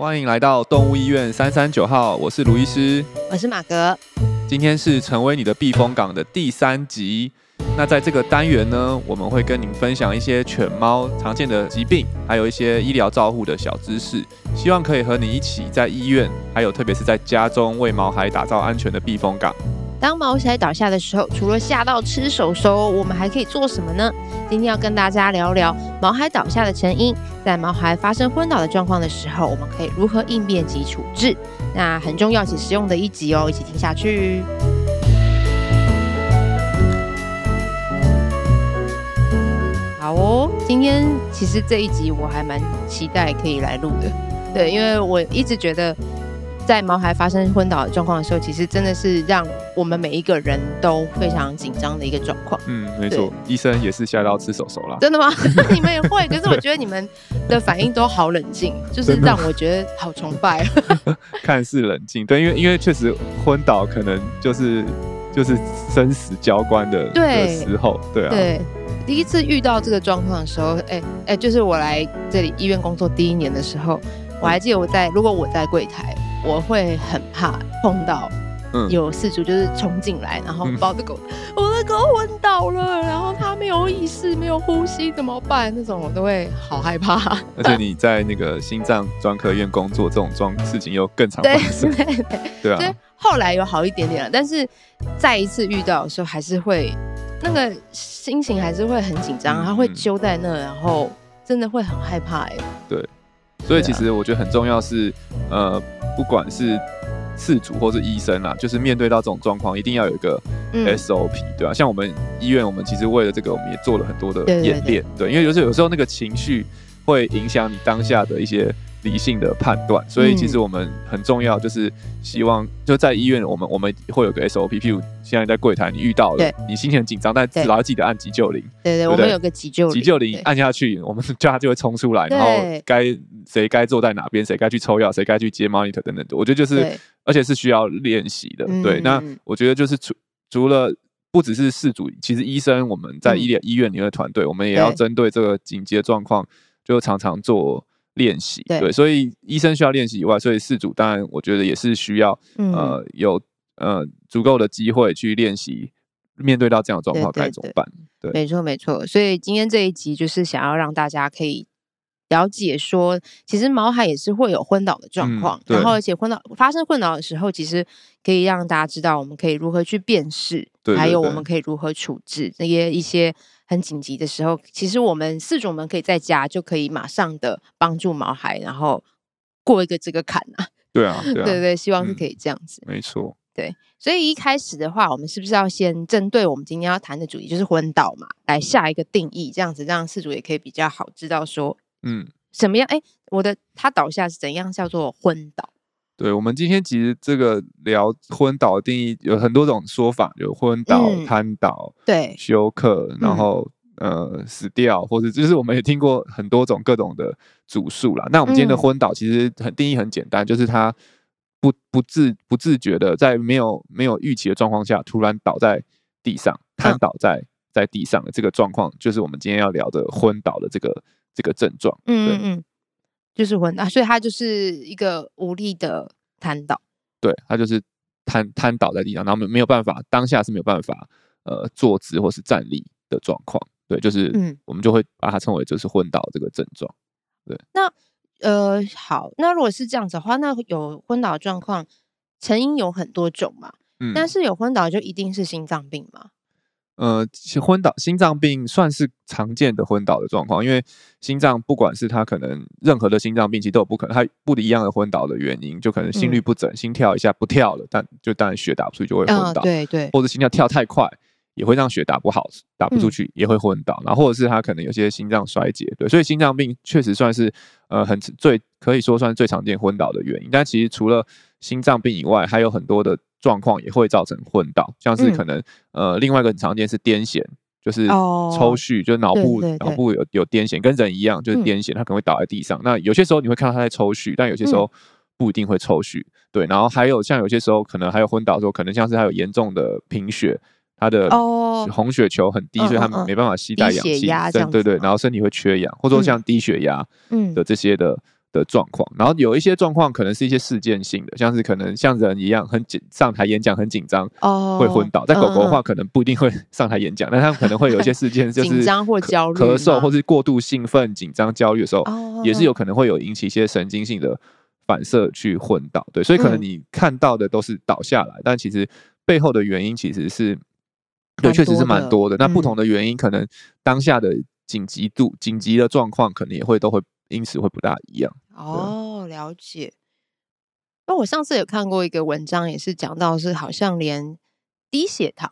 歡迎來到動物醫院三三九號，我是盧醫師，我是馬格。今天是成為你的避風港的第三集。那在這個單元呢，我們會跟你們分享一些犬貓常見的疾病，還有一些醫療照護的小知識，希望可以和你一起在醫院，還有特別是在家中為毛孩打造安全的避風港。當毛孩倒下的時候，除了嚇到吃手手，我們還可以做什麼呢？今天要跟大家聊聊毛孩倒下的成因，在毛孩發生昏倒的狀況的時候，我們可以如何應變及處置？那很重要且實用的一集哦，一起聽下去。好哦，今天其實這一集我還蠻期待可以來錄的，對，因為我一直覺得。在毛孩發生昏倒狀況的時候，其實真的是讓我們每一個人都非常緊張的一個狀況。嗯，沒錯，醫生也是嚇到吃手手了。真的嗎？ 你們也會？ 可是我覺得你們的反應都好冷靜，就是讓我覺得好崇拜。 看似冷靜，對，因為因為確實昏倒，可能就是就是生死交關的，對的時候。對啊對，第一次遇到這個狀況的時候，哎、欸、哎、欸，就是我來這裡醫院工作第一年的時候，我還記得我在、嗯、如果我在櫃檯。我會很怕碰到有飼主，就是衝進來，嗯、然後抱着狗，嗯、我的狗昏倒了，然後它沒有意識，沒有呼吸，怎麼辦？那種我都會好害怕。而且你在那個心臟專科醫院工作， 這種狀事情又更常發生。對 對，對對，對啊。後來有好一點點了，但是再一次遇到的時候，還是會那個心情還是會很緊張，他、嗯、會揪在那，然後真的會很害怕、欸。哎，對。所以其實我覺得很重要是，呃。不管是飼主或是醫生啦，就是面對到這種狀況，一定要有一個 SOP，、嗯、對吧、啊？像我們醫院，我們其實為了這個，我們也做了很多的演練，對，因為有時候有時候那個情緒會影響你當下的一些，理性的判斷，所以其實我們很重要，就是希望、嗯、就在醫院，我們我們會有個 SOP，譬如現在在櫃檯你遇到了，你心情很緊張，但只要記得按急救鈴。對對，對，對，對，我們有個急救急救鈴按下去，我們叫他就會衝出來，然後該誰該坐在哪邊，誰該去抽藥，誰該去接 monitor 等等。我覺得就是，而且是需要練習的。對，嗯、那我覺得就是除除了不只是飼主，其實醫生我們在醫醫院裡面的團隊，嗯、我們也要針對這個緊急的狀況，就常常做。練習對、對，所以醫生需要練習以外，所以飼主當然我覺得也是需要、嗯、呃有呃足夠的機會去練習，面對到這樣的狀況該怎麼辦？對、對、對、對，沒錯沒錯。所以今天這一集就是想要讓大家可以了解說，其實毛孩也是會有昏倒的狀況，嗯、然後而且，昏倒發生昏倒的時候，其實可以讓大家知道我們可以如何去辨識。對對對，還有我們可以如何處置那些一些很緊急的時候？其實我們飼主們，可以在家就可以馬上的幫助毛孩，然後過一個這個坎啊。對啊，對啊 對，對希望是可以這樣子，嗯。沒錯。對，所以一開始的話，我們是不是要先針對我們今天要談的主題，就是昏倒嘛，來下一個定義，嗯、這樣子讓飼主也可以比較好知道說，嗯，什麼樣？哎，我的他倒下是怎樣叫做昏倒？對，我們今天其實這個聊昏倒的定義有很多種說法，有昏倒、癱、嗯、倒、休克，然後、嗯、呃死掉，或者就是我們也聽過很多種各種的組數啦。那我們今天的昏倒其實很定義很簡單，嗯、就是它不不自不自覺的在沒有沒有預期的狀況下突然倒在地上，癱、嗯、倒在在地上，的這個狀況就是我們今天要聊的昏倒的這個這個症狀。嗯，嗯嗯。就是昏倒，所以他就是一個無力的癱倒，對他就是癱癱倒在地上，然後沒沒有辦法，當下是沒有辦法呃坐直或是站立的狀況，對，就是嗯，我們就會把它稱為就是昏倒這個症狀，對。嗯、那呃好，那如果是這樣子的話，那有昏倒的狀況成因有很多種嘛，嗯、但是有昏倒就一定是心臟病嗎？呃，其實昏倒心臟病算是常見的昏倒的狀況，因為心臟不管是他可能任何的心臟病，其實都有不可能，他不一樣的昏倒的原因，就可能心率不整，嗯、心跳一下不跳了，但就當然血打不出去就會昏倒，哦、對對，或者心跳跳太快也會讓血打不好，打不出去也會昏倒，嗯、然後或者是他可能有些心臟衰竭，對，所以心臟病確實算是呃很最可以說算是最常見昏倒的原因，但其實除了心臟病以外，還有很多的。狀況也會造成昏倒，像是可能、嗯、呃，另外一個很常見是癲癇、哦，就是抽搐，就腦部腦部有有癲癇，跟人一樣，就是癲癇，他、嗯、可能會倒在地上。那有些時候你會看到他在抽搐，但有些時候不一定會抽搐。嗯、對，然後還有像有些時候可能還有昏倒的時候，可能像是他有嚴重的貧血，他的、哦、紅血球很低，哦、所以他們沒辦法攜帶氧氣，對、哦、對對，然後身體會缺氧，或者說像低血壓的、嗯嗯、這些的。的狀況，然後有一些狀況可能是一些事件性的，像是可能像人一樣很緊上台演講很緊張，哦、oh,，會昏倒。在狗狗的話，可能不一定會上台演講、嗯嗯，但它可能會有一些事件就是緊張 或焦慮、咳嗽或是過度興奮、緊張焦慮的時候，oh. 也是有可能會有引起一些神經性的反射去昏倒。對，所以可能你看到的都是倒下來，嗯、但其實背後的原因其實是，對，確實是蠻多的、嗯。那不同的原因，可能當下的緊急度、緊急的狀況，可能也會都會因此會不大一樣。哦，了解。那我上次有看過一個文章，也是講到是好像連低血糖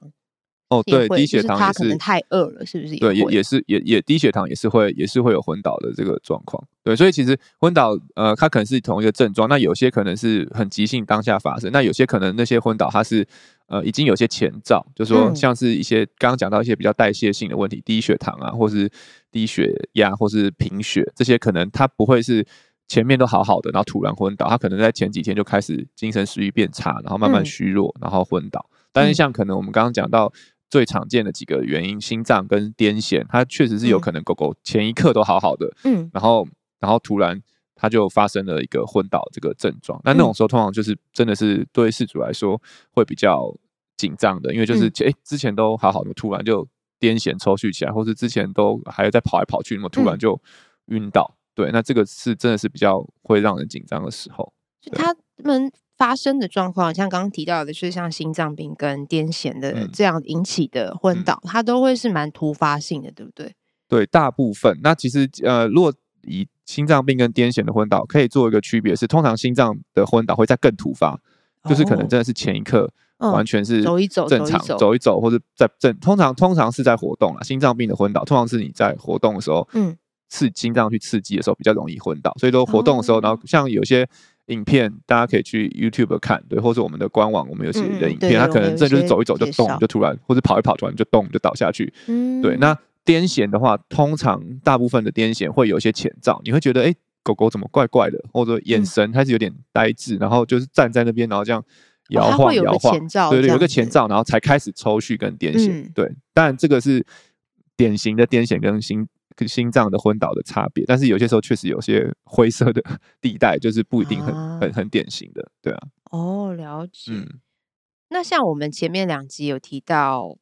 哦，對，低血糖它可能太餓了、哦是，是不是也？對，也是也也低血糖也是會也是會有昏倒的這個狀況。對，所以其實昏倒呃，它可能是同一個症狀。那有些可能是很急性當下發生，那有些可能那些昏倒它是呃已經有些前兆，就是、說像是一些、嗯、剛剛講到一些比較代謝性的問題，低血糖啊，或是低血壓，或是貧血，這些可能它不會是。前面都好好的，然後突然昏倒，他可能在前幾天就開始精神食欲變差，然後慢慢虛弱，嗯，然後昏倒。但是像可能我們剛剛講到最常見的幾個原因，嗯、心臟跟癲癇，它確實是有可能狗狗前一刻都好好的，嗯，然後然後突然它就發生了一個昏倒這個症狀，嗯。那那種時候通常就是真的是對飼主來說會比較緊張的，因為就是哎、嗯、之前都好好的，突然就癲癇抽搐起來，或是之前都還在跑來跑去，那麼突然就暈倒。嗯對，那這個是真的是比較會讓人緊張的時候。就他們發生的狀況，像剛剛提到的，就是像心臟病跟癲癇的、嗯、這樣引起的昏倒，嗯、它都會是蠻突發性的，對不對？對，大部分。那其實呃，如果以心臟病跟癲癇的昏倒可以做一個區別，是通常心臟的昏倒會再更突發、哦，就是可能真的是前一刻完全是、嗯、走一走正常走，走，走一走，或者在正通常通常是在活動啊。心臟病的昏倒通常是你在活動的時候，嗯。刺激，這樣去刺激的時候，比較容易昏倒，所以說活動的時候、哦，然後像有些影片，大家可以去 YouTube 看，對，或是我們的官網，我們有些影片，它、嗯、可能這就是走一走就動，嗯、就突然，或者跑一跑突然就動就倒下去，嗯、對。那癲癇的話，通常大部分的癲癇會有一些前兆，你會覺得哎，狗狗怎麼怪怪的，或者眼神開始有點呆滯、嗯，然後就是站在那邊，然後這樣搖晃、哦、搖晃，對對，有一個前兆，然後才開始抽搐跟癲癇、嗯，對。但這個是典型的癲癇跟心跟心臟的昏倒的差別，但是有些時候確實有些灰色的地帶，就是不一定很、啊、很很典型的，對啊。哦，了解。嗯、那像我們前面兩集有提到，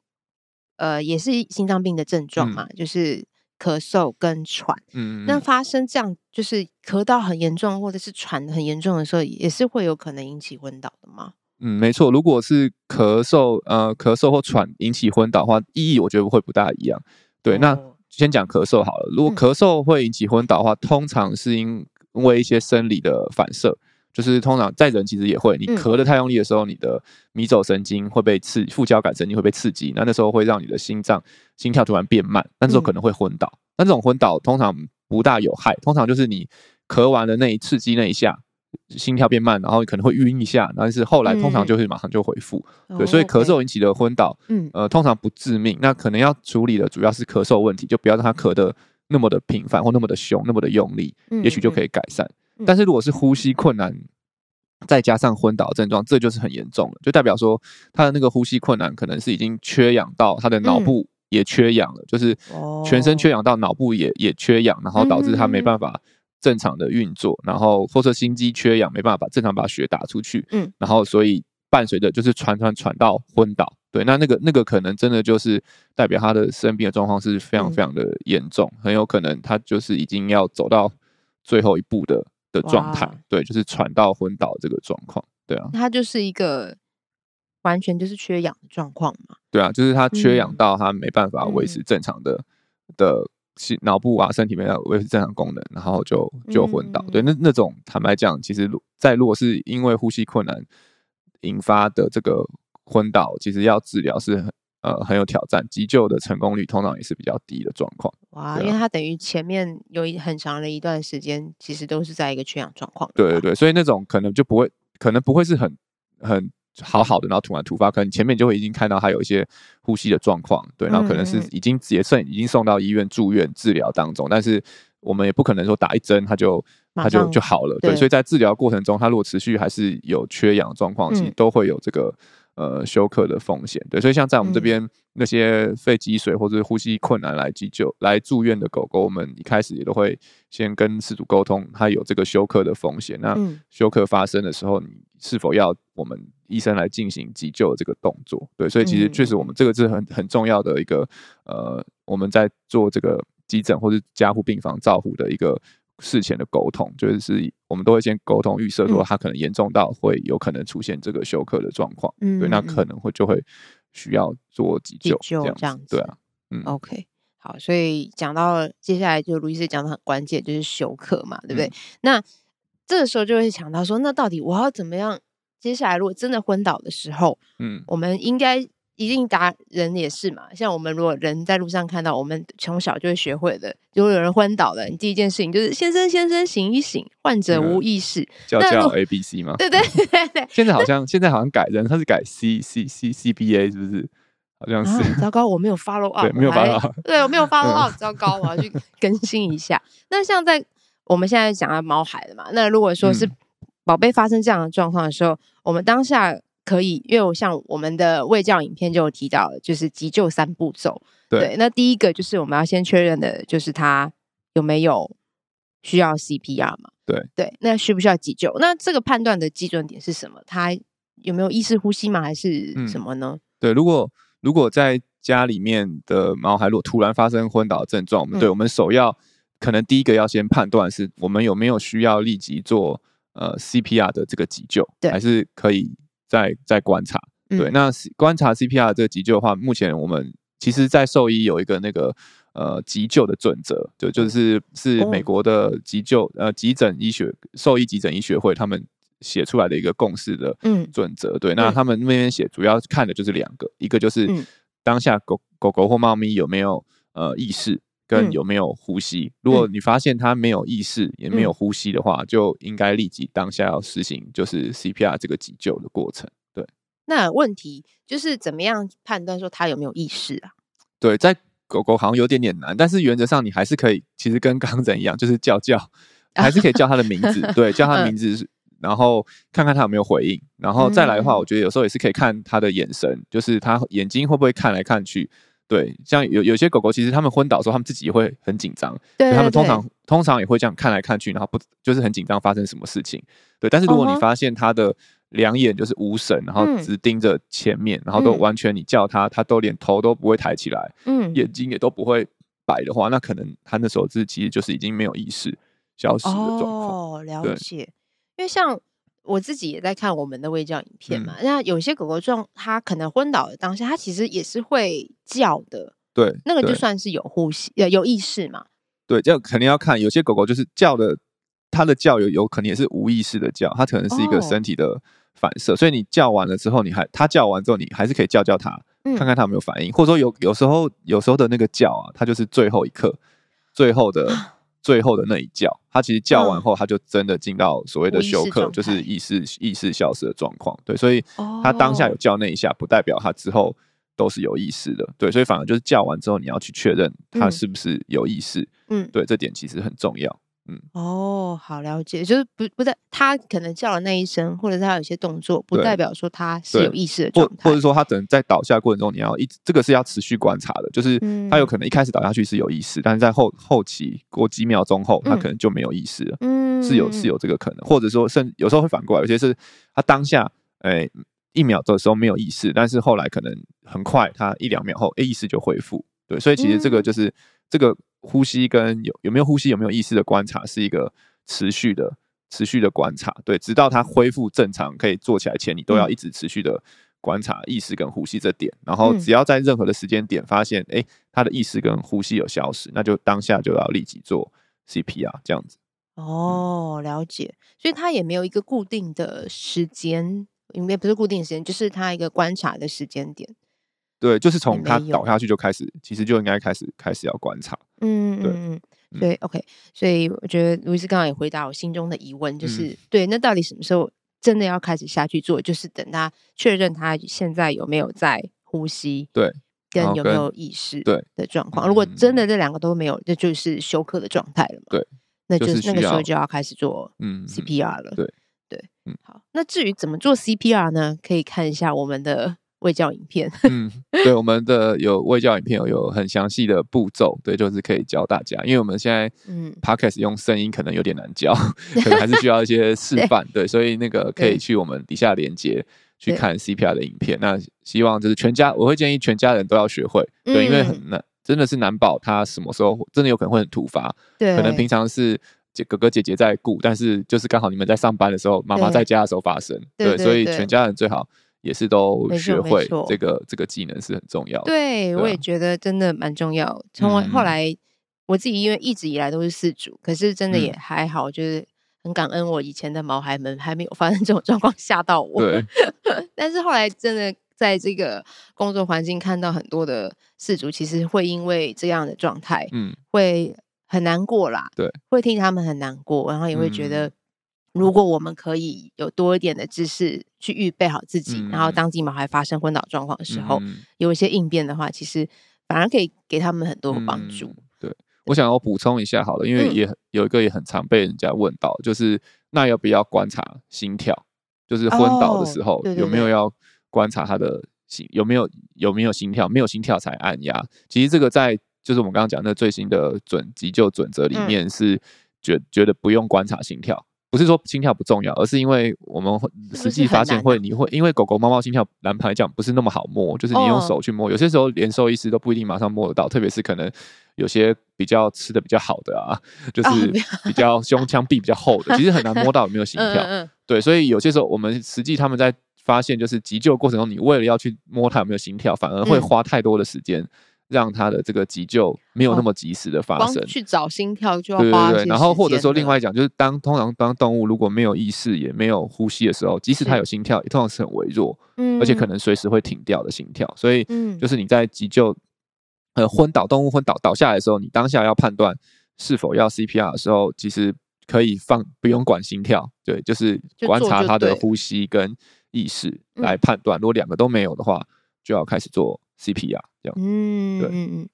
呃，也是心臟病的症狀嘛、嗯，就是咳嗽跟喘。嗯那發生這樣，就是咳到很嚴重，或者是喘很嚴重的時候，也是會有可能引起昏倒的嗎？嗯，沒錯。如果是咳嗽，呃，咳嗽或喘引起昏倒的話，嗯、意義我覺得會不大一樣。對，哦、那。先講咳嗽好了。如果咳嗽會引起昏倒的話、嗯，通常是因為一些生理的反射，就是通常在人其實也會，你咳得太用力的時候，你的迷走神經會被刺，副交感神經會被刺激，那那時候會讓你的心臟心跳突然變慢，那時候可能會昏倒。嗯、那這種昏倒通常不大有害，通常就是你咳完的那一刺激那一下。心跳變慢，然後可能會暈一下，但是後來通常就是馬上就恢復，嗯。對，所以咳嗽引起的昏倒，嗯，呃，通常不致命。那可能要處理的主要是咳嗽問題，就不要讓他咳得那麼的頻繁或那麼的兇、那麼的用力，也許就可以改善。嗯嗯。但是如果是呼吸困難，再加上昏倒症狀，這就是很嚴重了，就代表說他的那個呼吸困難可能是已經缺氧到他的腦部也缺氧了，嗯，就是全身缺氧到腦部也也缺氧，然後導致他沒辦法正常的運作，然後或者心肌缺氧，沒辦法把正常把血打出去，嗯，然後所以伴隨着就是喘喘喘到昏倒，對，那那個那個可能真的就是代表他的生病的狀況是非常非常的嚴重、嗯，很有可能他就是已經要走到最後一步的的狀態，對，就是喘到昏倒這個狀況，對啊，他就是一個完全就是缺氧的狀況嘛，對啊，就是他缺氧到他沒辦法維持正常的、嗯嗯、的。是腦部啊，身體沒有維持正常功能，然後就就昏倒。嗯、對，那那種坦白講，其實在如果是因為呼吸困難引發的這個昏倒，其實要治療是很呃很有挑戰，急救的成功率通常也是比較低的狀況。哇，啊、因為它等於前面有一很長的一段時間，其實都是在一個缺氧狀況。對對對，所以那種可能就不會，可能不會是很很。好好的，然後突然突發，可能前面就會已經看到他有一些呼吸的狀況，對，然後可能是已經，嗯嗯，也算已經送到醫院住院治療當中，但是我們也不可能說打一針他就他就就好了，對，對，所以在治療過程中，他如果持續還是有缺氧狀況，其實都會有這個。嗯呃，休克的風險，對，所以像在我們這邊、嗯、那些肺積水或者呼吸困難來急救、來住院的狗狗，我們一開始也都會先跟飼主溝通，它有這個休克的風險。那休克發生的時候，嗯、你是否要我們醫生來進行急救這個動作？對，所以其實確實，我們這個是很很重要的一個呃，我們在做這個急診或者加護病房照護的一個。事前的溝通就是，我們都會先溝通預設，說他可能嚴重到會有可能出現這個休克的狀況，嗯，對，那可能會就會需要做急救，這樣子，急救這樣子，對啊，嗯，OK，好，所以講到接下來，就盧醫師講的很關鍵，就是休克嘛，對不對？嗯、那這個時候就會想到說，那到底我要怎麼樣？接下來如果真的昏倒的時候，嗯，我們應該。一定達人也是嘛，像我們如果人在路上看到，我們從小就會學會的。如果有人昏倒了，第一件事情就是先生先生，醒一醒，患者無意識，嗯、叫叫 A B C 嗎、嗯？對對對。現在好像現在好像改人，他是改 C C C C B A 是不是？好像是，啊。糟糕，我沒有 follow up，對，沒有 follow up 對，沒有 follow up，對我沒有 follow up，糟糕，我要去更新一下。 那像在我們現在講到毛孩了嘛？那如果說是寶貝發生這樣的狀況的時候，嗯，我們當下。可以，因為我像我們的衛教影片，就有提到，就是急救三步驟。對，那第一個就是我們要先確認的，就是他有沒有需要 CPR 嘛？對，對，那需不需要急救？那這個判斷的基準點是什麼？他有沒有意識呼吸嗎？還是什麼呢？嗯，對，如果如果在家裡面的毛孩如果突然發生昏倒症狀，嗯，對，我們首要可能第一個要先判斷是我們有沒有需要立即做呃 CPR 的這個急救，對，還是可以。在在觀察，對，那觀察 CPR 的這個急救的話、嗯，目前我們其實在獸醫有一個那個呃急救的準則，就就是是美國的急救、哦、呃急診醫學獸醫急診醫學會他們寫出來的一個共識的準則、嗯，對，那他們那邊寫主要看的就是兩個、嗯，一個就是當下狗狗狗或貓咪有沒有呃意識。跟有沒有呼吸，嗯、如果你發現它沒有意識、嗯、也沒有呼吸的話，就應該立即當下要實行就是 CPR 這個急救的過程。對，那問題就是怎麼樣判斷說它有沒有意識啊？對，在狗狗好像有點點難，但是原則上你還是可以，其實跟剛才一樣，就是叫叫，還是可以叫它的名字， 對，叫它名字， 然後看看它有沒有回應，然後再來的話，嗯、我覺得有時候也是可以看它的眼神，就是它眼睛會不會看來看去。對，像有有些狗狗，其實他們昏倒的時候，他們自己也會很緊張，對，對，對，對，他們通常通常也會這樣看來看去，然後不就是很緊張發生什麼事情。對，但是如果你發現它的兩眼就是無神，哦哦然後只盯着前面，嗯，然後都完全你叫它，它都連頭都不會抬起來，嗯，眼睛也都不會擺的話，那可能它那時候自其實就是已經沒有意識消失的狀況。哦，了解，因為像。我自己也在看我們的衛教影片嘛，嗯,那有些狗狗狀，它可能昏倒的當下，它其實也是會叫的，對，那個就算是有呼吸，有有意識嘛。對，這肯定要看。有些狗狗就是叫的，它的叫有有可能也是無意識的叫，它可能是一個身體的反射，哦，所以你叫完了之後，你還它叫完之後，你還是可以叫叫它，嗯，看看它有沒有反應，或者說有有時候有時候的那個叫啊，它就是最後一刻，最後的。最後的那一叫，他其實叫完後，嗯、他就真的進到所謂的休克，就是意識意識消失的狀況。對，所以他當下有叫那一下，哦、不代表他之後都是有意識的。對，所以反而就是叫完之後，你要去確認他是不是有意識。嗯，對，這點其實很重要。嗯嗯，哦，好了解，就是不，不在他可能叫了那一聲，或者是他有些動作，不代表說他是有意識的狀態，或或者說他可能在倒下的過程中，你要一直這個是要持續觀察的，就是他有可能一開始倒下去是有意識。嗯，但是在後後期過幾秒鐘後，他可能就沒有意識了，嗯，是有是有這個可能，或者說甚有時候會反過來，有些是他當下哎、欸、一秒的時候沒有意識，但是後來可能很快他一兩秒後，哎、欸、意識就恢復，對，所以其實這個就是。嗯這個呼吸跟有有沒有呼吸，有沒有意識的觀察，是一個持續的、持續的觀察，對，直到他恢復正常可以坐起來前，你都要一直持續的觀察意識跟呼吸這點。然後只要在任何的時間點發現，哎、嗯，他的意識跟呼吸有消失，那就當下就要立即做 CPR 這樣子。哦，了解，所以他也沒有一個固定的時間，應該不是固定時間，就是他一個觀察的時間點。對，就是從他倒下去就開始，欸、其實就應該開始開始要觀察。嗯，對，OK。所以我覺得盧醫師剛剛也回答我心中的疑問，就是、嗯、對，那到底什麼時候真的要開始下去做？就是等他確認他現在有沒有在呼吸，對，跟有沒有意識，對的狀況。如果真的這兩個都沒有，那就是休克的狀態了嘛？對，那就是那個時候就要開始做嗯 CPR 了嗯嗯。對，對，嗯。好，那至於怎麼做 CPR 呢？可以看一下我們的。衛教影片，嗯，對，我們的有衛教影片，有很詳細的步驟，對，就是可以教大家，因為我們現在嗯 Podcast 用聲音可能有點難教、嗯，可能還是需要一些示範，對，所以那個可以去我們底下連接去看 CPR 的影片，那希望就是全家，我會建議全家人都要學會，對，嗯、因為很難，真的是難保他什麼時候真的有可能會很突發，對，可能平常是哥哥姐姐在顧，但是就是剛好你們在上班的時候，媽媽在家的時候發生，對，對，所以全家人最好。也是都學會這個、這個、這個技能是很重要的，對，對、啊、我也覺得真的蠻重要。從後來、嗯、我自己因為一直以來都是飼主，嗯，可是真的也還好，就是很感恩我以前的毛孩們還沒有發生這種狀況嚇到我。對， 但是後來真的在這個工作環境看到很多的飼主，其實會因為這樣的狀態，嗯，會很難過啦。對，會聽他們很難過，然後也會覺得。嗯如果我們可以有多一點的知識去預備好自己，嗯、然後當自己毛孩發生昏倒狀況的時候、嗯，有一些應變的話，其實反而可以給他們很多的幫助、嗯對。對，我想要補充一下好了，因為也、嗯、有一個也很常被人家問到，就是那要不要觀察心跳？就是昏倒的時候、哦、對對對，有沒有要觀察他的心，有沒有，有沒有心跳？沒有心跳才按壓。其實這個在，就是我們剛剛講的最新的準急救準則裡面、嗯、是覺得覺得不用觀察心跳。不是說心跳不重要，而是因為我們實際發現會，你會因為狗狗、貓貓心跳難判講，不是那麼好摸。就是你用手去摸，哦、有些時候連獸醫師都不一定馬上摸得到，特別是可能有些比較吃的比較好的啊，就是比較胸腔壁比較厚的，哦、其實很難摸到有沒有心跳。哦、對，所以有些時候我們實際他們在發現，就是急救過程中，你為了要去摸它有沒有心跳，反而會花太多的時間。嗯嗯，讓他的這個急救沒有那麼及時的發生，去找心跳就要對對對，然後或者說另外講，就是當通常當動物如果沒有意識也沒有呼吸的時候，即使它有心跳，也通常是很微弱，而且可能隨時會停掉的心跳，所以就是你在急救呃昏倒動物昏倒倒下來的時候，你當下要判斷是否要 CPR 的時候，其實可以放不用管心跳，對，就是觀察它的呼吸跟意識來判斷，如果兩個都沒有的話，就要開始做。CPR 這樣子，嗯，對，嗯嗯，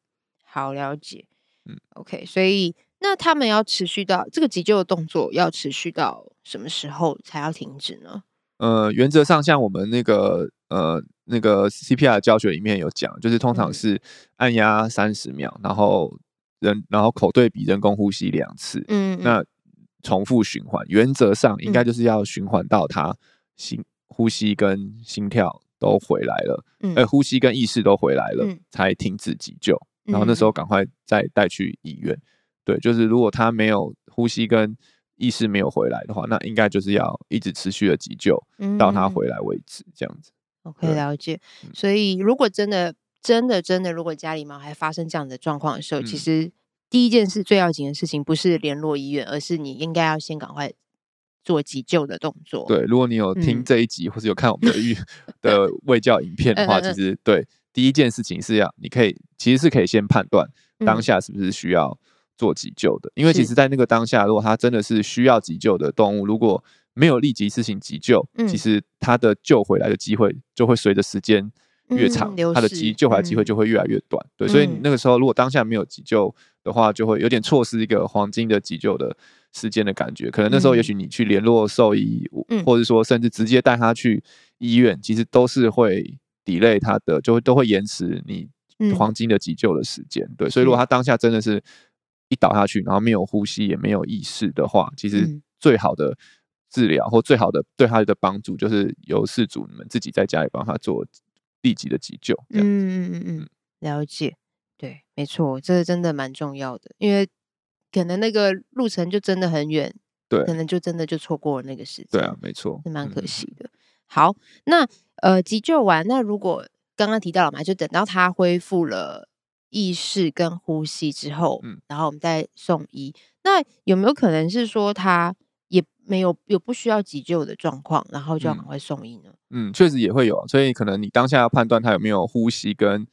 好了解，嗯，OK，所以那他們要持續到這個急救的動作要持續到什麼時候才要停止呢？呃，原則上像我們那個呃那個 CPR 教學裡面有講，就是通常是按壓三十秒，嗯，然後人然後口對鼻人工呼吸兩次，嗯嗯，那重複循環，原則上應該就是要循環到它心、嗯、呼吸跟心跳。都回來了，而、嗯、欸、呼吸跟意識都回來了，嗯，才停止急救，嗯。然後那時候趕快再帶去醫院、嗯。對，就是如果他沒有呼吸跟意識沒有回來的話，那應該就是要一直持續的急救，嗯，到他回來為止，嗯，這樣子。OK，了解。所以如果真的、真的、真的，如果家裡毛孩發生這樣的狀況的時候、嗯，其實第一件事最要緊的事情不是聯絡醫院，而是你應該要先趕快。做急救的動作。對，如果你有聽這一集，嗯、或是有看我們的育 的衛教影片的話，嗯嗯嗯，其實對，第一件事情是要，你可以其實是可以先判斷當下是不是需要做急救的，嗯。因為其實在那個當下，如果它真的是需要急救的動物，如果沒有立即施行急救，嗯，其實它的救回來的機會就會隨着時間越長，嗯、它的急救回來機會就會越來越短。嗯、對，所以你那個時候如果當下沒有急救的話，就會有點錯失一個黃金的急救的。時間的感覺，可能那時候也許你去聯絡獸醫，嗯、或者說甚至直接帶他去醫院、嗯,其實都是會 delay 他的，就會都會延遲你黃金的急救的時間、嗯。對，所以如果他當下真的是一倒下去，然後沒有呼吸也沒有意識的話，其實最好的治療、嗯、或最好的對他的幫助，就是由飼主你們自己在家裡幫他做立即的急救。嗯嗯嗯嗯，了解，對，沒錯，這個真的蠻重要的，因為。可能那個路程就真的很遠，對，可能就真的就錯過了那個時間。對啊，沒錯，是蠻可惜的。嗯、好，那呃，急救完，那如果剛剛提到了嘛，就等到他恢復了意識跟呼吸之後，嗯，然後我們再送醫。那有沒有可能是說他也沒有有不需要急救的狀況，然後就要趕快送醫呢？嗯，嗯，確實也會有，所以可能你當下要判斷他有沒有呼吸跟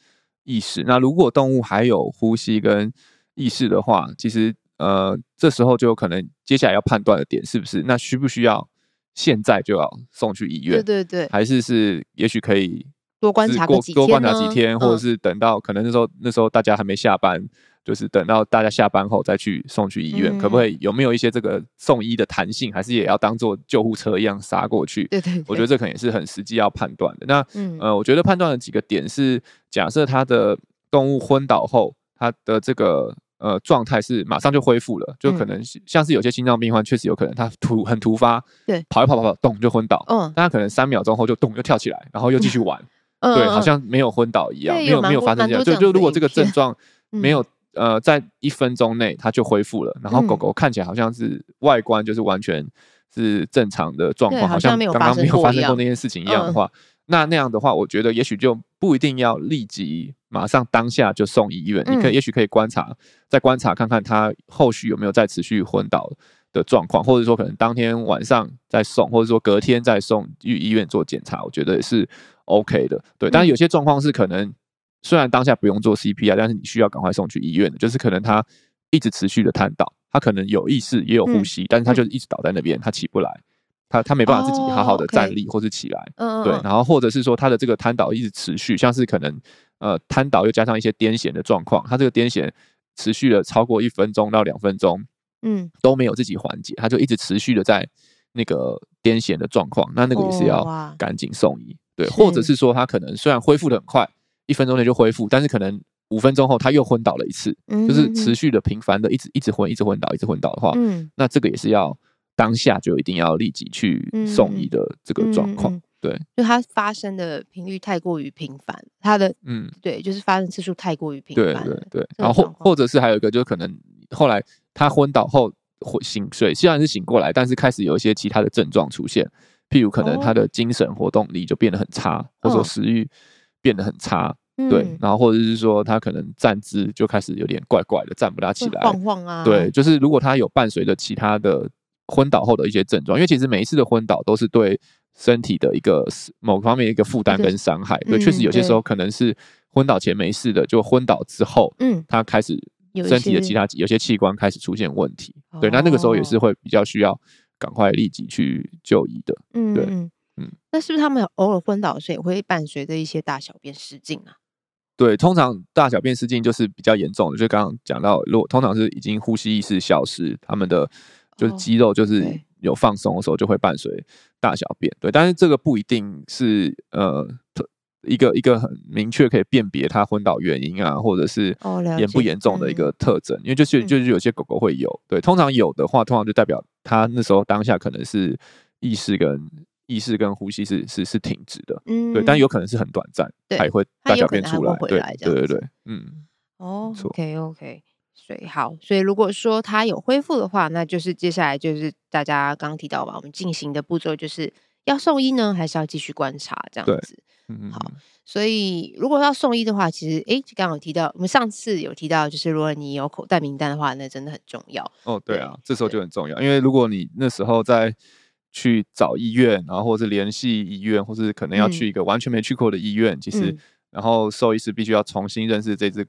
意識。那如果動物還有呼吸跟意識的話，其實。呃，這時候就可能接下來要判斷的點是不是，那需不需要現在就要送去醫院？對對對，還是是也許可以多觀察幾天，多觀察幾天，或者是等到可能那時候，那時候大家還沒下班，嗯，就是等到大家下班後再去送去醫院，嗯，可不可以？有沒有一些這個送醫的彈性？還是也要當做救護車一樣殺過去？對對對，我覺得這可能也是很實際要判斷的。那嗯呃，我覺得判斷的幾個點是，假設他的動物昏倒後，他的這個。呃，狀態是馬上就恢復了，就可能像是有些心臟病患，確實有可能他突很突發，對，跑一跑跑跑，咚就昏倒，嗯，但他可能三秒鐘後就咚又跳起來，然後又繼續玩，嗯、對、嗯，好像沒有昏倒一樣，嗯、沒有，有沒有發生這樣，就就如果這個症狀沒有、嗯、呃在一分鐘內他就恢復了，然後狗狗看起來好像是外觀就是完全是正常的狀況，好像剛剛沒有發生過那件事情一樣的話。嗯那那樣的話，我覺得也許就不一定要立即馬上當下就送醫院，你可以也許可以觀察，再觀察看看他後續有沒有再持續昏倒的狀況，或者說可能當天晚上再送，或者說隔天再送去醫院做檢查，我覺得也是 OK 的。對，但有些狀況是可能，雖然當下不用做 CPR，啊，但是你需要趕快送去醫院，就是可能他一直持續的癱倒，他可能有意識也有呼吸，但是他就是一直倒在那邊，他起不來。他他沒辦法自己好好的站立或是起來，Oh, okay. 對，然後或者是說他的這個癱倒一直持續，像是可能呃癱倒又加上一些癲癇的狀況，他這個癲癇持續了超過一分鐘到兩分鐘，嗯，都沒有自己緩解，他就一直持續的在那個癲癇的狀況，那那個也是要趕緊送醫，Oh, wow. 對，或者是說他可能雖然恢復的很快，一分鐘內就恢復，但是可能五分鐘後他又昏倒了一次，嗯哼哼，就是持續的頻繁的一直一直昏，一直昏倒，一直昏倒的話，嗯，那這個也是要。當下就一定要立即去送醫的這個狀況，嗯嗯嗯，對，就它發生的頻率太過於頻繁，它的嗯，對，就是發生次數太過於頻繁。對對對，對，然後或者是還有一個就是可能後來他昏倒後會醒睡，雖然是醒過來，但是開始有一些其他的症狀出現，譬如可能他的精神活動力就變得很差，哦，或者食欲變得很差，哦，對，然後或者是說他可能站姿就開始有點怪怪的，站不大起來，晃晃啊，對，就是如果他有伴隨着其他的。昏倒後的一些症狀，因為其實每一次的昏倒都是對身體的一個某個方面一個負擔跟傷害，嗯、對，對，確實有些時候可能是昏倒前沒事的，嗯、就昏倒之後，嗯，他開始身體的其他有，些，有些器官開始出現問題，哦、對，那那個時候也是會比較需要趕快立即去就醫的，嗯，對，嗯，嗯，那是不是他們偶爾昏倒的時候也會伴隨着一些大小便失禁啊？對，通常大小便失禁就是比較嚴重的，就剛剛講到，如果通常是已經呼吸意識消失，他們的。就是肌肉就是有放鬆的時候，就會伴隨大小便。Oh, okay. 對，但是這個不一定是呃，一個一個很明確可以辨別它昏倒原因啊，或者是嚴不嚴重的一個特徵、oh, 嗯。因為就是就是有些狗狗會有、嗯，對，通常有的話，通常就代表它那時候當下可能是意識跟意識跟呼吸是是是停止的。嗯，對，但有可能是很短暫，它也會大小便出來。來對，對對對，嗯。哦、oh,，OK OK。所以好，所以如果說他有恢復的話，那就是接下來就是大家剛剛提到吧，我們進行的步驟就是要送醫呢，還是要繼續觀察這樣子？嗯好。所以如果要送醫的話，其實哎，剛剛有提到，我們上次有提到，就是如果你有口袋名單的話，那真的很重要。哦，對啊，對對，這時候就很重要，因為如果你那時候再去找醫院，然後或者聯繫醫院，或是可能要去一個完全沒去過的醫院，嗯、其實然後獸醫師必須要重新認識這隻。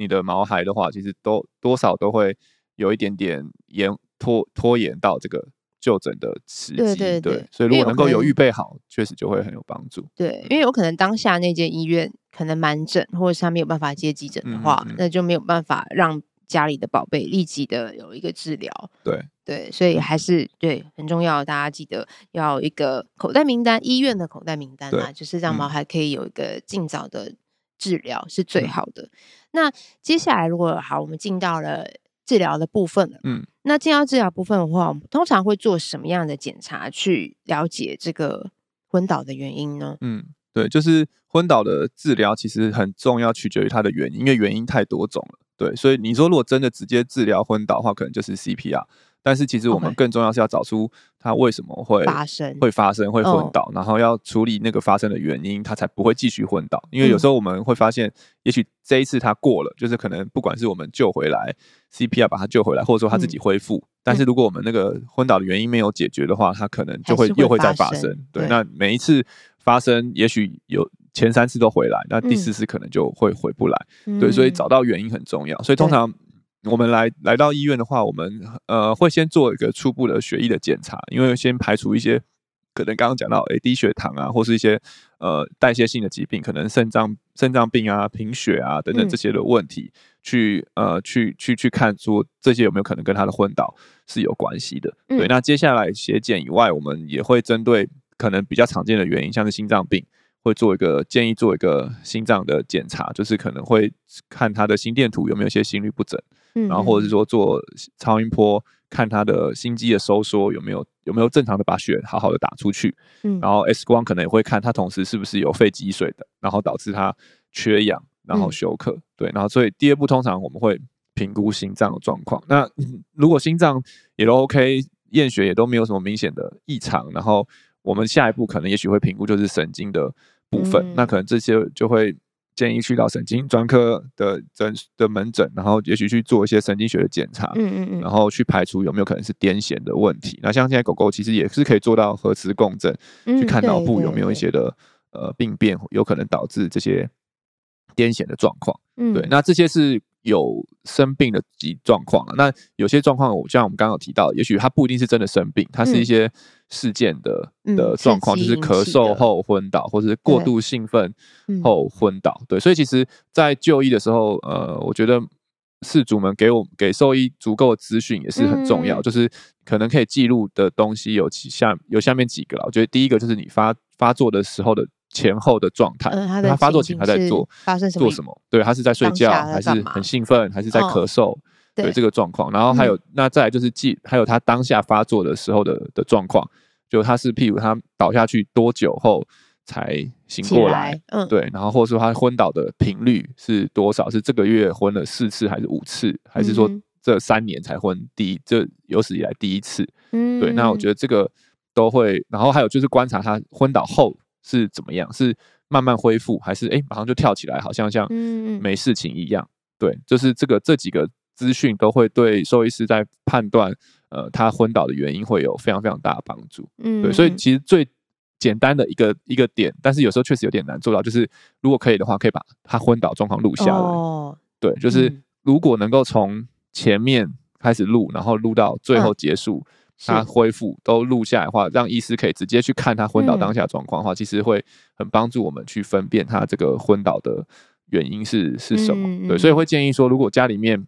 你的毛孩的話，其實都多少都會有一點點延拖、拖延到這個就診的時機，對對對，對，所以如果能夠有預備好，確實就會很有幫助。對，因為有可能當下那間醫院可能滿診，或者是他沒有辦法接急診的話，嗯嗯嗯，那就沒有辦法讓家裡的寶貝立即的有一個治療。對對，所以還是對很重要，大家記得要一個口袋名單，醫院的口袋名單啊，就是讓毛孩可以有一個盡早的，治療是最好的。嗯，那接下來，如果好，我們進到了治療的部分了。嗯，那進到治療部分的話，我們通常會做什麼樣的檢查去了解這個昏倒的原因呢？嗯，對，就是昏倒的治療其實很重要，取決於它的原因，因為原因太多種了。對，所以你說如果真的直接治療昏倒的話，可能就是 CPR。但是其實我們更重要是要找出它為什麼會發生、Okay, 會發生、會昏倒、哦，然後要處理那個發生的原因，它才不會繼續昏倒。因為有時候我們會發現，嗯、也許這一次它過了，就是可能不管是我們救回來、CPR 把它救回來，或者說它自己恢復、嗯。但是如果我們那個昏倒的原因沒有解決的話，它可能就會又會再發生，還是會發生，對。對，那每一次發生，也許有前三次都回來，那第四次可能就會回不來。嗯、對，所以找到原因很重要。嗯、所以通常。我們來來到醫院的話，我們呃會先做一個初步的血液的檢查，因為先排除一些可能剛剛講到誒低血糖啊，或是一些呃代謝性的疾病，可能腎臟腎臟病啊、貧血啊等等這些的問題，嗯。去呃去去去看說這些有沒有可能跟他的昏倒是有關係的，嗯。對，那接下來血檢以外，我們也會針對可能比較常見的原因，像是心臟病，會做一個建議做一個心臟的檢查，就是可能會看他的心電圖有沒有一些心律不整。嗯，然後或者是說做超音波、嗯、看他的心肌的收縮有沒有有沒有正常的把血好好的打出去，嗯，然後 X 光可能也會看他同時是不是有肺積水的，然後導致他缺氧，然後休克，嗯、對，然後所以第二步通常我們會評估心臟的狀況，嗯、那如果心臟也都 OK，驗血也都沒有什麼明顯的異常，然後我們下一步可能也許會評估就是神經的部分，嗯、那可能這些就會。建議去到神經專科的診的門診，然後也許去做一些神經學的檢查、嗯嗯，然後去排除有沒有可能是癲癇的問題。那像現在狗狗其實也是可以做到核磁共振，嗯、去看腦部有沒有一些的對對對呃病變，有可能導致這些癲癇的狀況、嗯。對，那這些是有生病的狀況、啊、那有些狀況，我像我們剛剛有提到，也許它不一定是真的生病，它是一些。嗯事件的的狀況就是咳嗽後昏倒，嗯、或者是過度興奮後昏倒、嗯。對，所以其實，在就醫的時候，呃，我覺得飼主們給我給獸醫足夠的資訊也是很重要、嗯。就是可能可以記錄的東西有幾下有下面幾個啦，我覺得第一個就是你發發作的時候的前後的狀態。嗯、他發作前他在做、嗯、他什做什麼？對他是在睡覺，還是很興奮，還是在咳嗽？哦對，對這個狀況，然後還有、嗯、那再來就是記，還有他當下發作的時候的的狀況，就他是譬如他倒下去多久後才醒過來、來？嗯，對，然後或者說他昏倒的頻率是多少？是這個月昏了四次還是五次？嗯嗯，還是說這三年才昏第一，這有史以來第一次？嗯、嗯，對，那我覺得這個都會，然後還有就是觀察他昏倒後是怎麼樣，是慢慢恢復還是哎馬上就跳起來，好像像沒事情一樣？嗯嗯，對，就是這個這幾個。資訊都會對獸醫師在判斷，呃，他昏倒的原因會有非常非常大的幫助。嗯，對，所以其實最簡單的一個一個點，但是有時候確實有點難做到，就是如果可以的話，可以把他昏倒狀況錄下來。哦，對，就是如果能夠從前面開始錄，然後錄到最後結束，嗯，他恢復都錄下來的話，讓醫師可以直接去看他昏倒當下狀況的話，嗯，其實會很幫助我們去分辨他這個昏倒的原因是是什麼，嗯嗯。對，所以會建議說，如果家裡面。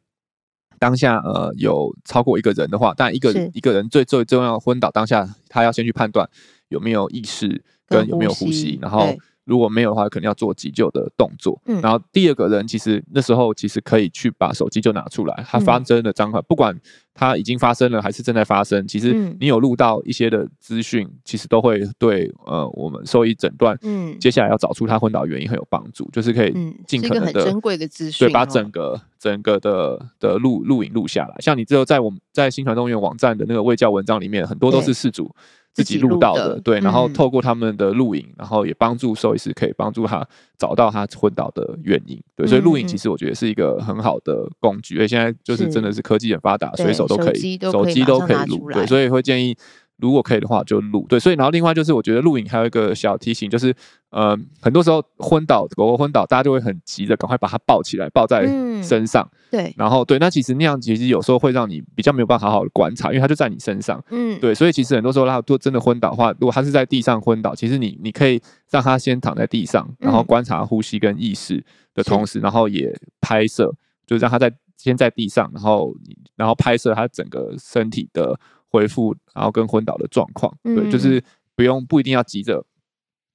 當下，呃，有超過一個人的話，但一個一個人最最重要的昏倒當下，他要先去判斷有沒有意識跟有沒有呼吸，呼吸然後，如果沒有的話，可能要做急救的動作。嗯、然後第二個人其實那時候其實可以去把手機就拿出來，他發生的狀況、嗯，不管他已經發生了還是正在發生，其實你有錄到一些的資訊、嗯，其實都會對呃我們獸醫診斷、嗯，接下來要找出他昏倒的原因很有幫助，就是可以盡可能的、嗯、是一個很珍貴的資訊，對，把整個整個的的錄錄影錄下來。像你之後在我們在心傳動物醫院網站的那個衛教文章裡面，很多都是飼主。自己錄到的，己的，對，然後透過他們的錄影、嗯，然後也幫助獸醫師，可以幫助他找到他昏倒的原因。對，所以錄影其實我覺得是一個很好的工具。因、嗯、為現在就是真的是科技很發達，隨手都可以，手機都可以錄，對，所以會建議。如果可以的話就錄，對，所以然後另外就是我覺得錄影還有一個小提醒就是，呃，很多時候昏倒狗狗昏倒，大家就會很急的趕快把它抱起來抱在身上，嗯、對，然後對，那其實那樣其實有時候會讓你比較沒有辦法好好的觀察，因為它就在你身上，嗯，對，所以其實很多時候它如果真的昏倒的話，如果它是在地上昏倒，其實你你可以讓它先躺在地上，然後觀察呼吸跟意識的同時，嗯、然後也拍攝，就是讓它在先在地上，然後然後拍攝它整個身體的。恢復，然後跟昏倒的狀況，對，嗯、就是不用不一定要急着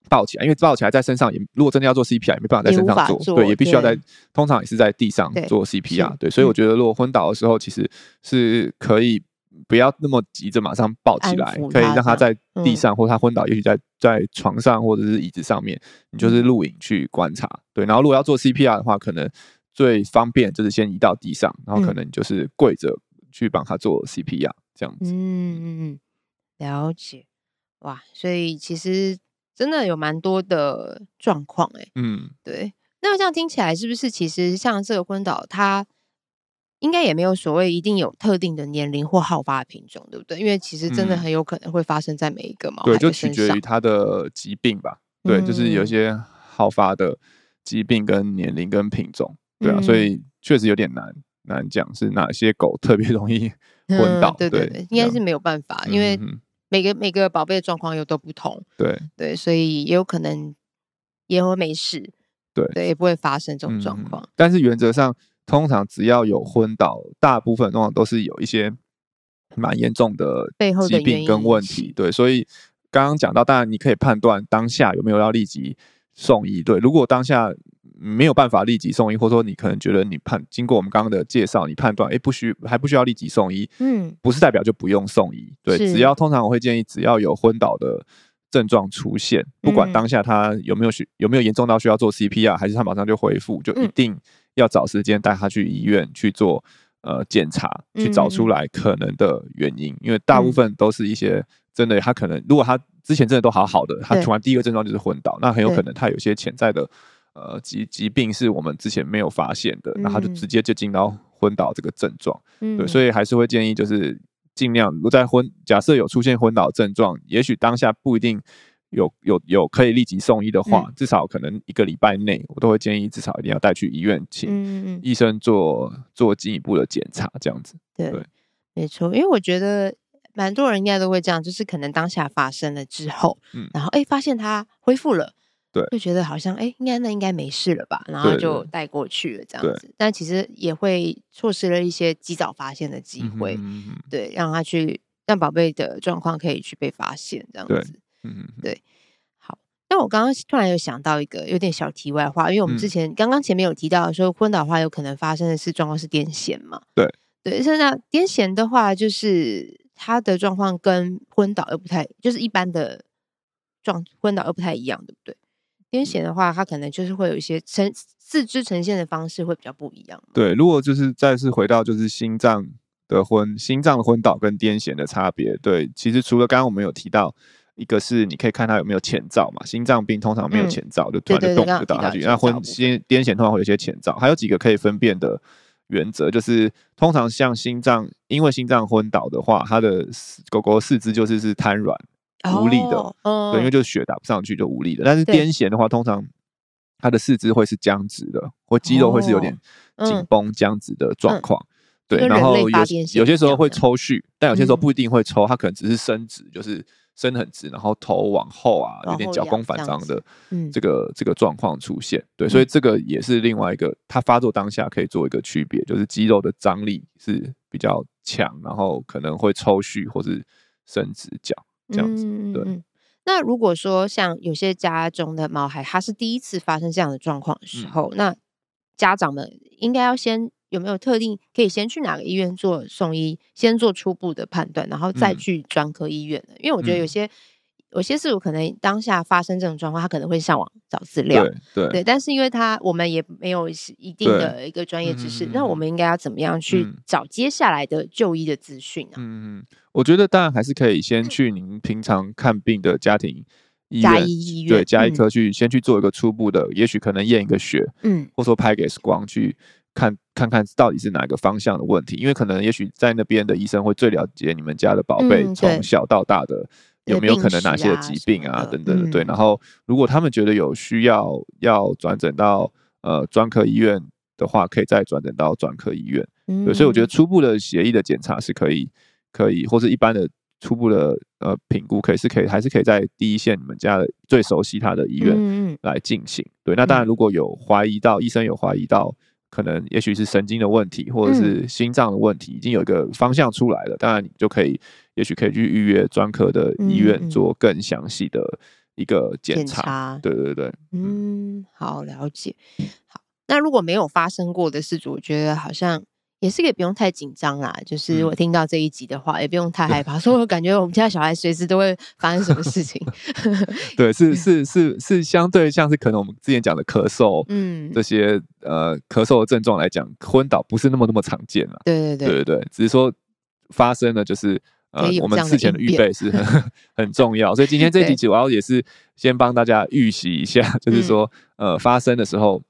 抱起來，因為抱起來在身上也，如果真的要做 CPR，也沒辦法在身上做，做，對，也必須要在，嗯、通常也是在地上做 CPR，對，對，對，所以我覺得如果昏倒的時候，其實是可以不要那麼急着馬上抱起來，嗯、可以讓它在地上，或它昏倒也許在在床上或者是椅子上面、嗯，你就是錄影去觀察，對，然後如果要做 CPR 的話，可能最方便就是先移到地上，然後可能就是跪着去幫他做 CPR、嗯。這樣嗯嗯，了解，哇，所以其實真的有蠻多的狀況，哎，嗯，對，那麼這樣聽起來是不是其實像這個昏倒，它應該也沒有所謂一定有特定的年齡或好發的品種，對不對？因為其實真的很有可能會發生在每一個毛孩、嗯。對，就取決於它的疾病吧、嗯，對，就是有些好發的疾病跟年齡跟品種、嗯，對啊，所以確實有點難難講是哪些狗特別容易。 昏倒，嗯、對對，對，對，應該是沒有辦法，因為每個、嗯、每個寶貝的狀況又都不同，對對，所以也有可能也會沒事，對，對，也不會發生這種狀況、嗯。但是原則上，通常只要有昏倒，大部分往往都是有一些蠻嚴重的疾病跟問題。對，所以剛剛講到，當然你可以判斷當下有沒有要立即送醫。對，如果當下。沒有辦法立即送醫，或者說你可能覺得你判經過我們剛剛的介紹，你判斷哎不需還不需要立即送醫，嗯，不是代表就不用送醫，對，只要通常我會建議，只要有昏倒的症狀出現，不管當下他有沒有需有沒有嚴重到需要做 CPR，還是他馬上就恢復，就一定要找時間帶他去醫院去做呃檢查，去找出來可能的原因，嗯，因為大部分都是一些真的他可能如果他之前真的都好好的，他突然第一個症狀就是昏倒，那很有可能他有些潛在的。呃，疾疾病是我們之前沒有發現的，那他就直接就進到昏倒這個症狀。嗯，對，所以還是會建議就是儘量如果在昏，假設有出現昏倒症狀，也許當下不一定有有有，有可以立即送醫的話，嗯，至少可能一個禮拜內，我都會建議至少一定要帶去醫院，請醫生做，嗯，做、做進一步的檢查，這樣子。對，對，沒錯，因為我覺得蠻多人應該都會這樣，就是可能當下發生了之後，嗯，然後哎，發現他恢復了。就覺得好像哎、欸，應該那應該沒事了吧，然後就帶過去了這樣子，但其實也會錯失了一些及早發現的機會。嗯哼、嗯哼，對，讓他去讓寶貝的狀況可以去被發現這樣子。嗯對，對。好，那我剛剛突然又想到一個有點小題外話，因為我們之前剛剛、嗯、前面有提到說昏倒的話有可能發生的是狀況是癲癇嘛，對對，現在癲癇的話，就是他的狀況跟昏倒又不太，就是一般的狀昏倒又不太一樣，對不對？癲癇的話，它可能就是會有一些呈四肢呈現的方式會比較不一樣。對，如果就是再次回到就是心臟的昏心臟的昏倒跟癲癇的差別，對，其實除了剛剛我們有提到，一個是你可以看它有沒有前兆嘛，心臟病通常沒有前兆，嗯，就突然就動就倒下去，嗯，對對對，那昏心癲癇通常會有一些前兆，還有幾個可以分辨的原則，就是通常像心臟，因為心臟昏倒的話，它的四狗狗四肢就是是癱軟。無力的，oh, uh, 對，因為就是血打不上去就無力的。但是癲癇的話，通常他的四肢會是僵直的，或肌肉會是有點緊繃、僵直的狀況。對，然後有有些時候會抽搐，但有些時候不一定會抽，他可能只是伸直，嗯、就是伸得很直，然後頭往後啊，有點腳弓反張的、這個這，嗯，這個這個狀況出現。對、嗯，所以這個也是另外一個，他發作當下可以做一個區別，就是肌肉的張力是比較強，然後可能會抽搐或是伸直腳。這樣子對、嗯。那如果說像有些家中的毛孩，他是第一次發生這樣的狀況的時候、嗯，那家長們應該要先有沒有特定可以先去哪個醫院做送醫，先做初步的判斷，然後再去專科醫院的、嗯。因為我覺得有些、嗯。有些事，有可能當下發生這種狀況，他可能會上網找資料。對對，對，但是因為他我們也沒有一定的一個專業知識、嗯，那我們應該要怎麼樣去找接下來的就醫的資訊呢？嗯，我覺得當然還是可以先去您平常看病的家庭醫院，醫院對，家醫科去、嗯、先去做一個初步的，也許可能驗一個血，嗯，或者說拍個 X 光，去看看看到底是哪個方向的問題，因為可能也許在那邊的醫生會最了解你們家的寶貝從小到大的。有沒有可能哪些疾病啊、病啊，啊等等的，嗯，對。然後如果他們覺得有需要要轉診到呃專科醫院的話，可以再轉診到專科醫院，嗯對。所以我覺得初步的協議的檢查是可以，可以或者一般的初步的呃評估可以是可以還是可以在第一線你們家的最熟悉他的醫院來進行。嗯，對，那當然如果有懷疑到，嗯，醫生有懷疑到可能也許是神經的問題或者是心臟的問題，嗯，已經有一個方向出來了，當然你就可以。也許可以去預約專科的醫院做更詳細的一個檢查、嗯嗯。對對對，嗯，好，了解。好，那如果沒有發生過的事，主，我覺得好像也是，可以不用太緊張啦。就是我聽到這一集的話，嗯、也不用太害怕。所以我感覺我們家小孩隨時都會發生什麼事情。 對，是是是是，是是相對像是可能我們之前講的咳嗽，嗯，這些呃咳嗽的症狀來講，昏倒不是那麼那麼常見了。對對對，對對對，只是說發生了就是。呃，呃，我們之前的預備是很 很重要，所以今天這幾集，集我要也是先幫大家預習一下，嗯，就是說，呃，發生的時候，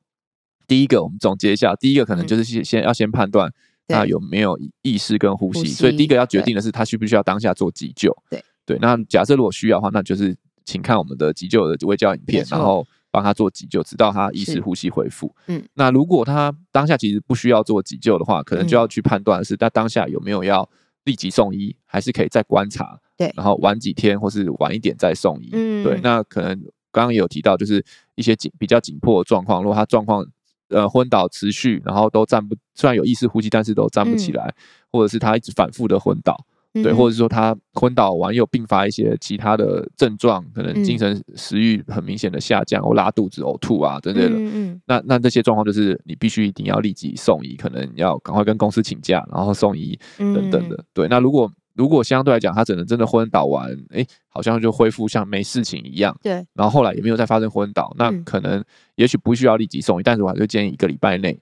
第一個我們總結一下，第一個可能就是先先，嗯，要先判斷他有沒有意識跟呼吸，所以第一個要決定的是他需不需要當下做急救，對對。那假設如果需要的話，那就是請看我們的急救的衛教影片，然後幫他做急救，直到他意識呼吸恢復。嗯，那如果他當下其實不需要做急救的話，可能就要去判斷是他當下有沒有要。立即送醫還是可以再觀察，對，然後晚幾天或是晚一點再送醫，嗯，對。那可能剛剛也有提到，就是一些緊比較緊迫的狀況，如果他狀況呃昏倒持續，然後都站不，雖然有意識呼吸，但是都站不起來，嗯，或者是他一直反覆的昏倒。對，或者是說他昏倒完又併發一些其他的症狀，可能精神食欲很明顯的下降，嗯，或拉肚子、嘔吐啊等等。對對的。嗯嗯、那那這些狀況就是你必須一定要立即送醫，可能要趕快跟公司請假，然後送醫等等的，嗯。對，那如果如果相對來講他只能真的昏倒完，哎、欸，好像就恢復像沒事情一樣。對。然後後來也沒有再發生昏倒，那可能也許不需要立即送醫，但是我還是建議一個禮拜內，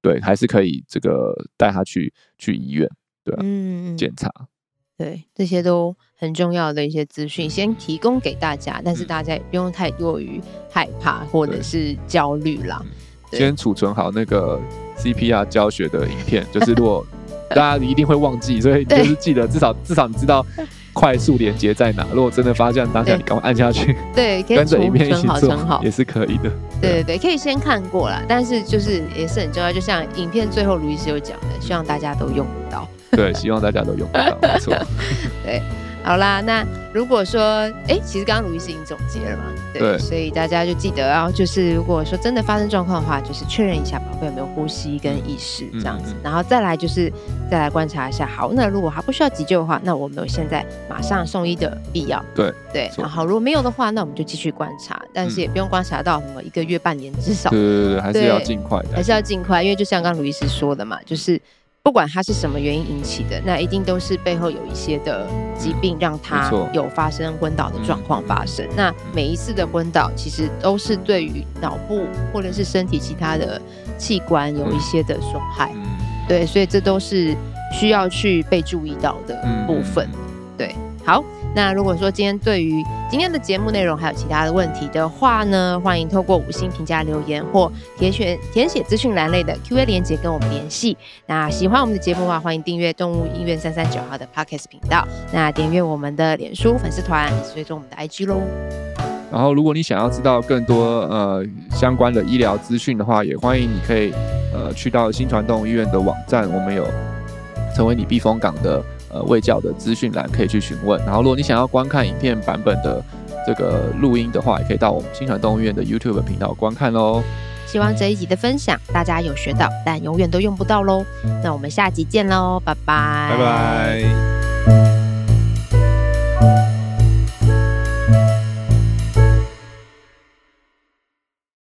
對，還是可以這個帶他去去醫院，對、啊，嗯，檢、嗯、查。對，這些都很重要的一些資訊，先提供給大家，但是大家也不用太過於害怕或者是焦慮啦。先儲存好那個 CPR 教學的影片， 就是如果大家一定會忘記， 所以就是記得至少至少你知道快速連結在哪。 如果真的發現當下你趕快按下去，對，跟着影片一起做，存好也是可以的。對對，對，對可以先看過了，但是就是也是很重要。就像影片最後盧醫師有講的，希望大家都用不到。對，希望大家都用得到。沒錯。 對，好啦，那如果說，哎、欸，其實剛剛盧醫師已經總結了嘛，對，對所以大家就記得、哦，然就是，如果說真的發生狀況的話，就是確認一下寶貝有沒有呼吸跟意識這樣子、嗯嗯嗯，然後再來就是再來觀察一下。好，那如果還不需要急救的話，那我們有現在馬上送醫的必要。對對，然後如果沒有的話，那我們就繼續觀察，但是也不用觀察到什麼一個月、半年，至少。對對對，還是要盡快。還是要盡快、呃、快，因為就像剛盧醫師說的嘛，就是。不管它是什麼原因引起的，那一定都是背後有一些的疾病讓它有發生昏倒的狀況發生。嗯。那每一次的昏倒，其實都是對於腦部或者是身體其他的器官有一些的損害。嗯。對，所以這都是需要去被注意到的部分。嗯。對，好。那如果說今天對於今天的節目內容還有其他的問題的話呢，歡迎透過五星評價留言或填選填寫資訊欄類的 Q A 連結跟我們聯繫。那喜歡我們的節目的話，歡迎訂閱動物醫院三三九號的 Podcast 頻道。那訂閱我們的臉書粉絲團，追蹤我們的 I G 嘍。然後，如果你想要知道更多呃相關的醫療資訊的話，也歡迎你可以呃去到心傳動物醫院的網站，我們有成為你的避風港的。呃，衛教的資訊欄可以去詢問。然後，如果你想要觀看影片版本的這個錄音的話，也可以到我們心傳動物醫院的 YouTube 頻道觀看囉。希望這一集的分享大家有學到，但永遠都用不到嘍。那我們下集見嘍，拜拜。拜拜。